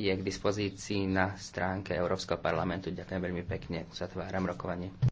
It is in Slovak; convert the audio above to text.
je k dispozícii na stránke Európskeho parlamentu. Ďakujem veľmi pekne. Zatváram rokovanie.